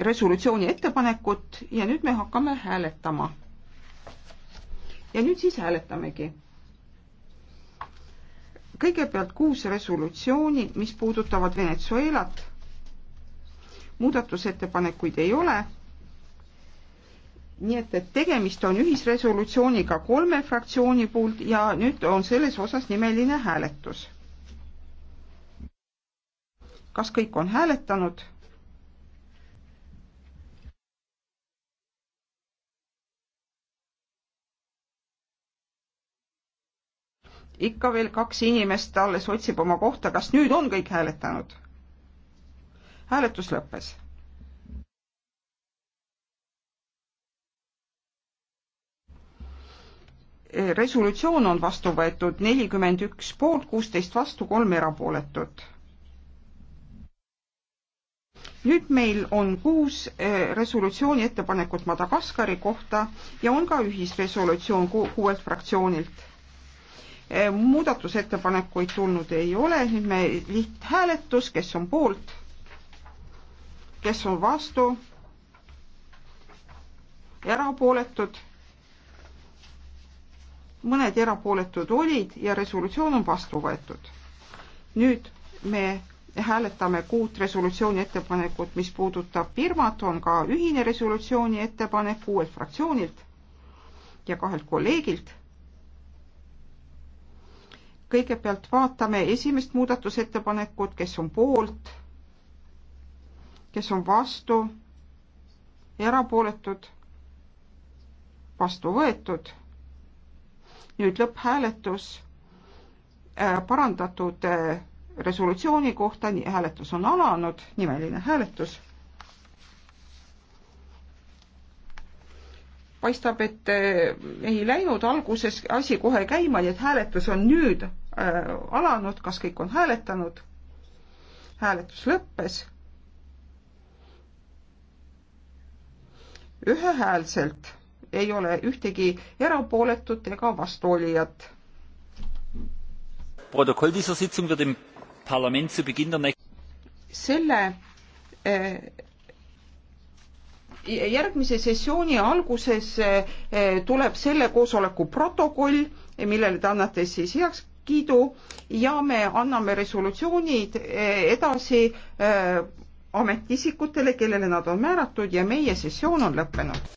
resolutsiooni ettepanekut ja nüüd me hakkame hääletama. ja nüüd siis hääletamegi. kõigepealt kuus resolutsiooni, mis puudutavad Venezuelat. muudatusettepanekuid ei ole. nii et, et tegemist on ühisresolutsiooniga kolme fraktsiooni poolt ja nüüd on selles osas nimeline hääletus. kas kõik on hääletanud? ikka veel kaks inimest alles otsib oma kohta, kas nüüd on kõik hääletanud? hääletus lõppes. E, resolutsioon on vastu võetud nelikümmend üks poolt, kuusteist vastu, kolm erapooletut. nüüd meil on kuus e, resolutsiooni ettepanekut Madagaskari kohta ja on ka ühisresolutsioon kuuelt fraktsioonilt Eh, muudatusettepanekuid tulnud ei ole, nüüd me lihthääletus, kes on poolt, kes on vastu, erapooletud, mõned erapooletud olid ja resolutsioon on vastu võetud. nüüd me hääletame kuut resolutsiooni ettepanekut, mis puudutab Birmat, on ka ühine resolutsiooni ettepanek kuuelt fraktsioonilt ja kahelt kolleegilt kõigepealt vaatame esimest muudatusettepanekut, kes on poolt, kes on vastu, erapooletud, vastu võetud. nüüd lõpphääletus äh, parandatud äh, resolutsiooni kohta, hääletus on alanud, nimeline hääletus. paistab, et äh, ei läinud alguses asi kohe käima, nii et hääletus on nüüd Äh, alanud, kas kõik on hääletanud? hääletus lõppes. ühehäälselt ei ole ühtegi erapooletut ega vastuolijat. selle äh, järgmise sessiooni alguses äh, tuleb selle koosoleku protokoll, millele te annate siis heaks kiidu ja me anname resolutsioonid eh, edasi eh, ametiisikutele, kellele nad on määratud ja meie sessioon on lõppenud.